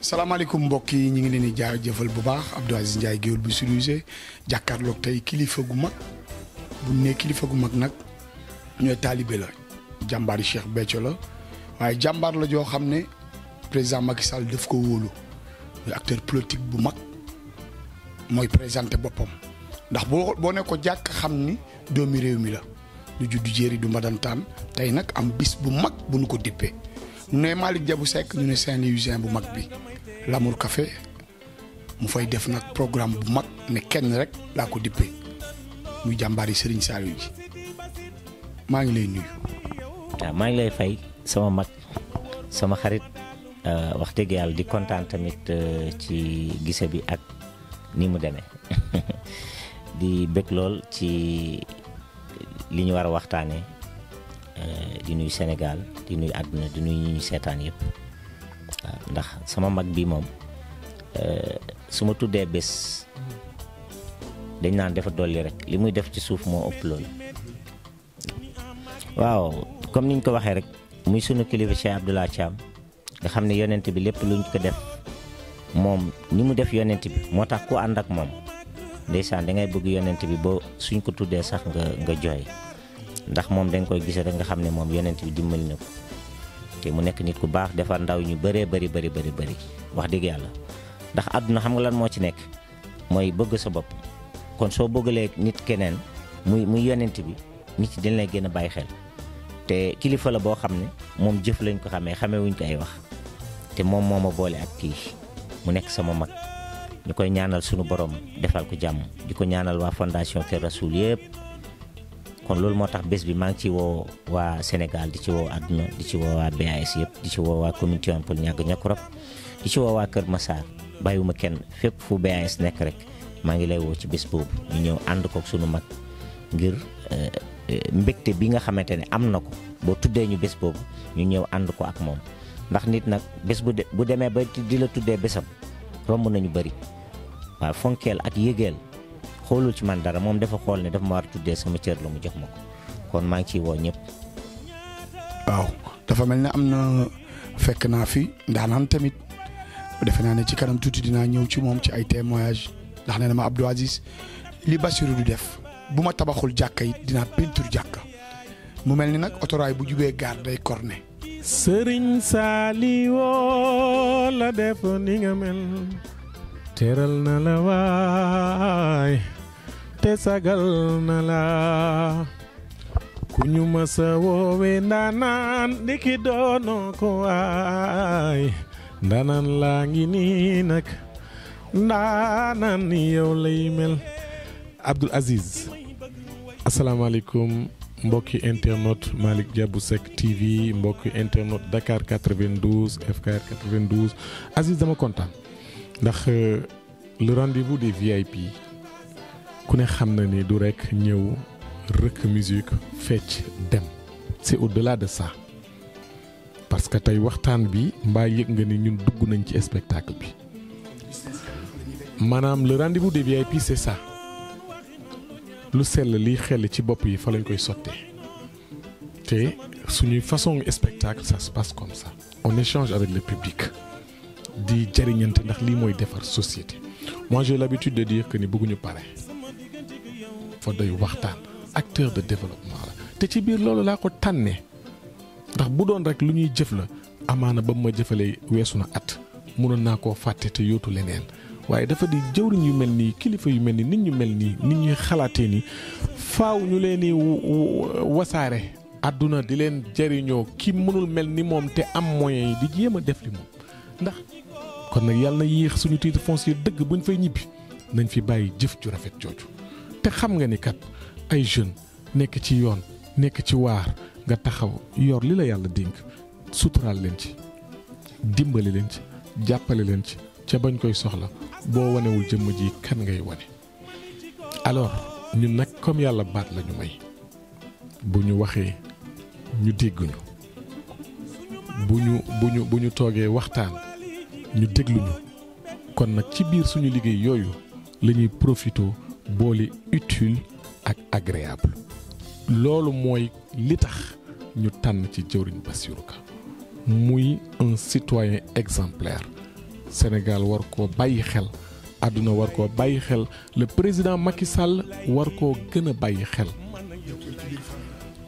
salaamaaleykum mbokk yi ñu ngi leen di jëfal bu baax Abdou Aziz Ndiaye géwél bu Suluuse jàkkaarloog tey kilifa gu mag bu ne kilifa gu mag nag ñooy taalibe la jàmbaari Cheikh Béthio la waaye jàmbaar la joo xam ne président Macky Sall daf ko wóolu muy acteur politique bu mag mooy présenté boppam ndax boo boo ne ko jàkk xam ni doomi réew mi la du juddu jéeri du mbadantaan tey nag am bis bu mag bu nu ko dippee ñu ne Malick Diabou Seck ñu ne Saint-Louisien bu mag bi Lamour kafe mu fay def nag programme bu mag ne kenn rek laa ko dippee muy jàmbaari Serigne Saliou ji maa ngi lay nuyu. waaw maa ngi lay fay sama mag sama xarit euh, wax dëgg yàlla di kontaan tamit euh, ci gise bi ak ni mu demee di bëgg lool ci li ñu war a waxtaanee euh, di nuyu Sénégal di nuyu àdduna di nuyu ñu seetaan yëpp. ndax sama mag bii moom euh, su ma tuddee bés dañ naan dafa dolli rek li muy def ci suuf moo ëpp loolu waaw comme ni ñu ko waxee rek muy sunu kilifa Cheikh Abdoulaye Thiam nga xam ne yonent bi lépp luñ ko def moom ni mu def yonent bi moo tax ku ànd ak moom ndeysaan da ngay bëgg yonent bi boo suñ ko tuddee sax nga nga jooy ndax moom dañ koy gise rek nga xam ne moom yonent bi dimbali na ko te mu nekk nit ku baax defar ndaw ñu bëree bëri bëri bëri bëri wax dëgg yàlla ndax àdduna xam nga lan moo ci nekk mooy bëgg sa bopp kon soo bëggalee nit keneen muy mu yonent bi nit yi dañ lay génn a bàyyi xel te kilifa la boo xam ne moom jëf lañ ko xamee xamee wuñ ko ay wax te moom moo ma boole ak kii mu nekk sama mag ñu koy ñaanal sunu borom defal ko jàmm di ko ñaanal waa fondation Kër Rasoul yëpp kon loolu moo tax bés bi maa ngi ci woo waa Sénégal di ci wow àdduna di ci woo waa BAS yëpp di ci woo waa commune Tivaouane Peulh ñàgg ñàkkurop di ci woo waa Kër Massar bàyyiwuma kenn fépp fu BAS nekk rek maa ngi lay woo ci bés boobu ñu ñëw ànd kook suñu mag ngir eh, eh, mbégte bi nga xamante ne am na ko boo tuddee ñu bés boobu ñu ñëw ànd ko ak moom ndax nit nag bés bu bu demee ba di la tuddee bésam romb nañu bëri waaw fonkeel ak yëgeel xoolul ci man dara moom dafa xool ni dafa ma war a tuddee sama cër la mu jox ma ko kon maa ngi ciy woo ñëpp. waaw dafa mel ni am na fekk naa fi ndaanaan tamit defe naa ne ci kanam tuuti dinaa ñëw ci moom ci ay témoignage ndax nee ma Abdou Aziz li Bassirou du def bu ma tabaxul jàkka yi dinaa peinture jàkka mu mel ni nag otoraay bu jubee gaar day corné. sëriñ Saliou la def ni nga mel. teral na la waay. te sagal na la ku ñu mësa woowe ndaanaan ndiki doonoo ko waay ndaanaan laa ngi nii nag ndaanaan ni lay mel Abdoul Aziz asalaamaaleykum mbokki internet Malick Diabou Seck TV mbokki internet Dakar 92 FKR 92 Aziz dama kontaan ndax euh, lu rendez-vous des ku ne xam na ni du rekk ñëw rëkk musique fecc dem c'est au-delà de ça parce que tey waxtaan bi mbaa yëg nga ni ñun dugg nañ ci spectacle bi maanaam le rendez-vous des VIP c'est ça lu sell liy xel ci bopp yi fa lañ koy sottee te suñuy façon spectacle ça se sa comme ça on échange avec le public di jariñante ndax lii mooy defar société moi j'ai l'habitude de dire ni bëgguñu pare fa doy waxtaan acteur de développement la te ci biir loolu laa ko tànnee ndax bu doon rek lu ñuy jëf la amaana ba mu ma jëfalee weesu na at mënoon naa koo fàtte te yootu leneen waaye dafa di jëwriñ yu mel nii kilifa yu mel ni nit ñu mel nii nit ñuy xalaatee nii faw ñu leen di wasaare àdduna di leen jëriñoo ki mënul mel ni moom te am moyens yi di jéem a def li moom ndax kon nag yàlla na yéex suñu titre foncier dëgg buñ fay ñibbi nañ fi bàyyi jëf ju rafet jooju te xam nga ni kat ay jeunes nekk ci yoon nekk ci waar nga taxaw yor li la yàlla dénk suturaal leen ci dimbali leen ci jàppale leen ci ca bañ koy soxla boo wanewul jëmm ji kan ngay wane. alors ñun nag comme yàlla baat la ñu may bu ñu waxee ñu dégguñu bu ñu bu ñu toogee waxtaan ñu dégluñu kon nag ci biir suñu liggéey yooyu la ñuy boole utile ak agréable loolu mooy li tax ñu tànn ci jëwriñ Bassirou Ka muy un citoyen exemplaire Sénégal war koo bàyyi xel àdduna war koo bàyyi xel le président Macky Sall war koo gën a bàyyi xel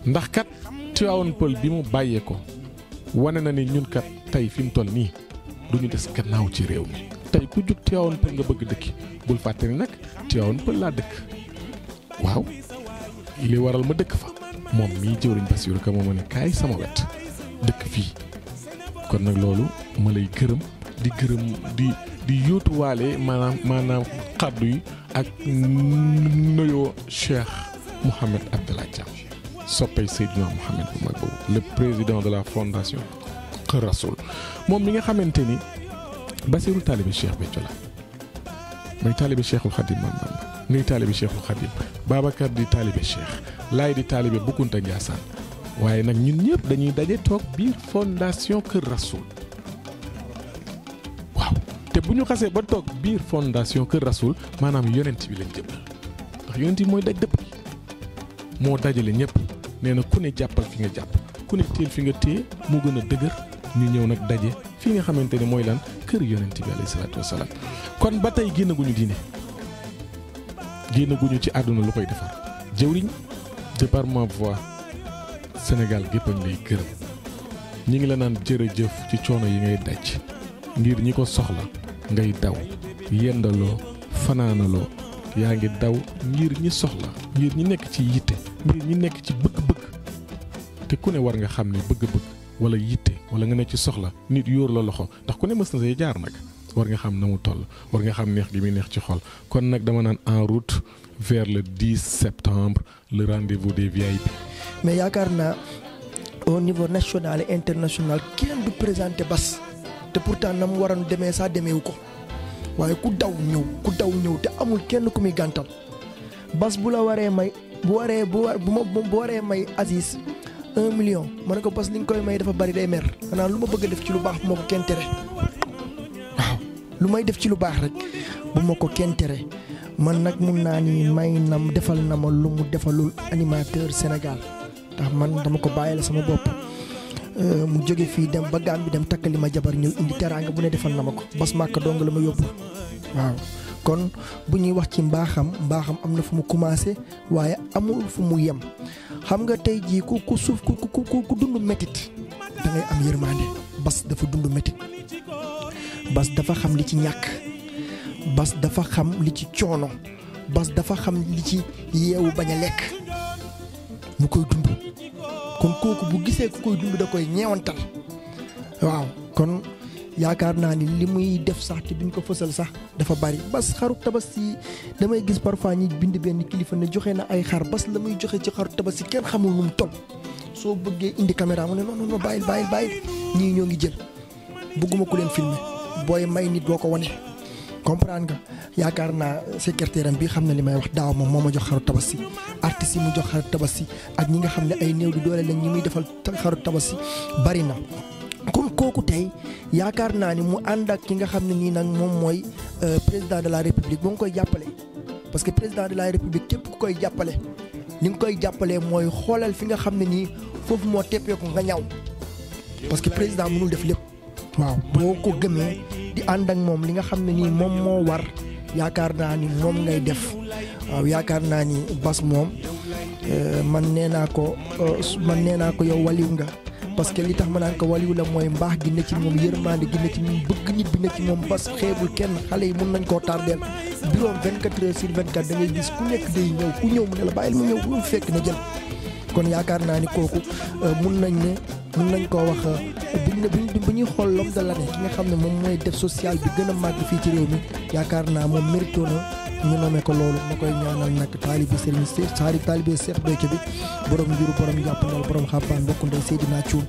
ndax kat Tivaouane Peulh bi mu bàyyee ko wane na ni ñunkat tey fi mu toll nii duñu des gannaaw ci réew mi tey ku jug Tivaouane Peulh nga bëgg dëkki bul fàtte ni nag Tivaouane Peulh laa dëkk waaw li waral ma dëkk fa moom mii jëwriñ Bassirou Ka moo ma ne kaay sama wet dëkk fii kon nag loolu ma lay gërëm di gërëm di di yóotuwaale maanaam maanaam xaddu yi ak nuyoo Cheikh Mouhamed Abdallah Thiam soppey Seydina Mouhamed bu mag boobu le de la fondation Kër Rasoul moom mi nga xamante ni Basiru taalibi Cheikh Béthio la mooy taalibi Cheikhul Khadim Maam Bamba ngay taalibi Cheikhul Khadim Babacar di taalibi Cheikh Laay di taalibi Boukounta Ndiassane waaye nag ñun ñëpp dañuy daje toog biir fondation Kër Rasoul waaw te bu ñu xasee ba toog biir fondation Kër Rasoul maanaam yonent bi lañ jëbal ndax yonent bi mooy daj dëpp moo dajale ñëpp nee na ku ne jàppal fi nga jàpp ku ne téel fi nga téye mu gën a dëgër ñu ñëw nag daje fii nga xamante ne mooy lan kër yonent bi alayhi salaatu wasalaam kon ba tey génnaguñu diine génnaguñu ci àdduna lu koy defar jëwriñ département voie Sénégal gépp a ngi ñi ngi la naan jëf ci coono yi ngay daj ngir ñi ko soxla ngay daw yendaloo fanaanaloo yaa ngi daw ngir ñi soxla ngir ñi nekk ci yitte ngir ñi nekk ci bëgg-bëgg te ku ne war nga xam ne bëgg-bëgg wala yitte wala nga ne ci soxla nit yóor la loxo ndax ku ne mës na say jaar nag war nga xam na mu toll war nga xam neex gi muy neex ci xol kon nag dama naan en route vers le 10 septembre le rendez-vous des bi mais yaakaar na au niveau national et international kenn du présenté Bass te pourtant na mu waroon demee saa demeewu ko waaye ku daw ñëw ku daw ñëw te amul kenn ku muy gàntal Bass bu la waree may bu waree bu war bu waree may Aziz million ma ne ko bas li nga koy may dafa bari day mer xanaa lu ma bëgg a def ci lu baax bu ma ko kenn tere waaw lu may def ci lu baax rek bu ma ko kenn tere man nag mun naa ni may nam defal na ma lu mu defalul animateur Sénégal ndax man dama ko bàyyi la sama bopp euh, mu jóge fii dem ba Gàmbi dem takkali ma jabar ñëw indi teraanga bu ne defal na ma ko bas màkk dong la ma yóbbu waaw kon bu ñuy wax ci mbaaxam mbaaxam am na fu mu commencé waaye amul fu mu yem xam nga tey jii ku ku suuf ku ku ku dund métit da am yërmande bas dafa dund métit bas dafa xam li ci ñàkk bas dafa xam li ci coono bas dafa xam li ci yeewu bañ a lekk mu koy dund kon kooku bu gisee ku koy dund da koy ñeewantal waaw kon yaakaar naa ni li muy def sax te ñu ko fësal sax dafa bari bas xaru tabaski damay gis parfois ñi bind benn kilifa ne joxe na ay xar bas la muy joxe ci xaru tabaski kenn xamul nu mu toll soo bëggee indi caméra mu ne non non bàyyil bàyyil bàyyil nii ñoo ngi jël bëgguma ku leen filmer booy may nit boo ko wane. comprendre nga yaakaar naa secrétaire am bi xam na li may wax daaw moom moo ma jox xaru tabaski artistes yi mu jox xaru ak ñi nga xam ne ay néew di doole lañ ñi defal xaru tabaski bari na. kooku tey yaakaar naa ni mu ànd ak ki nga xam ne nii nag moom mooy euh, président de la république ba nga koy jàppale. parce que président de la république képp ku koy jàppale li nga koy jàppale mooy xoolal fi nga xam ne nii foofu moo teppeeku nga ñaw parce que président mënul def lépp. waaw boo ko gëmee di ànd ak moom li nga xam ne nii moom moo war yaakaar naa ni moom ngay def waaw yaakaar naa ni bas moom euh, man nee naa ko euh, man nee naa ko yow waliw nga. parce que li tax ma naan ko waliyu la mooy mbaax gi ne ci moom yërmande gi ne ci moom bëgg nit bi ne ci moom bas xeebul kenn xale yi mun nañ koo tardeel bureau 24 heures sur 24 da ngay gis ku nekk day ñëw ku ñëw mu ne la bàyyil mu ñëw lu fekk na jël kon yaakaar naa ni kooku euh, mun nañ ne mun nañ koo wax euh, biñ ne bu ñuy xool l'homme de l'année ki nga xam ne moom mooy def social bi gën a màgg fii ci réew mi yaakaar naa moom mérito ñu nommé ko loolu ma koy ñaanal nag taalibi Serigne si saari taalibi Seex Béthio bi borom njuru borom jàppandal borom xabbaan mbokk ndey Seydi naa cuun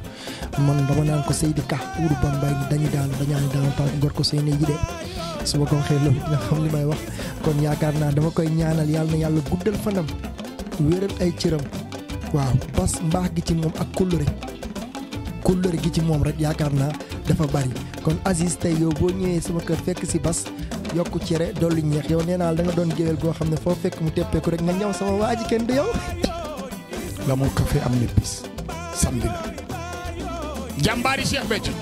man dama naan ko Seydi Ka buuru Bambay dañu daan dañaan daan tànk gor ko seen yi su ma ko waxee loolu dina xam li may wax kon yaakaar naa dama koy ñaanal yàlla na yàlla guddal fanam wéeral ay cëram waaw bas mbaax gi ci moom ak kóllëre kóllëre gi ci moom rek yaakaar naa dafa bari kon Aziz tey yow boo ñëwee sama kër fekk si bas yokku cere dolli ñeex yow nee naa da nga doon géwél goo xam ne foo fekk mu teppeeku rek nga ñëw sama waaj ji kenn du yow. la am na bis samedi la. jàmbaari Cheikh Béthio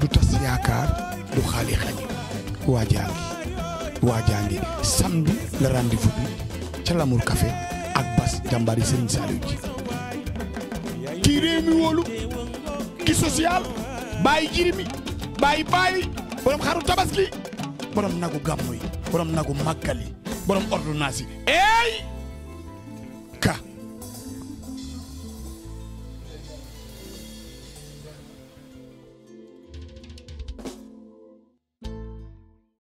du tas yaakaar du xaali xañ waa jaangi waa jaangi samedi la ca Lamour Café ak Bas jàmbaari Serigne Saliou ji kii réew mi wóolu ki social bàyyi jirimi bàyyi bàyyi borom xaru tabaski borom nagu gàmmu yi borom nagu màggal yi borom ordonnance yi eh!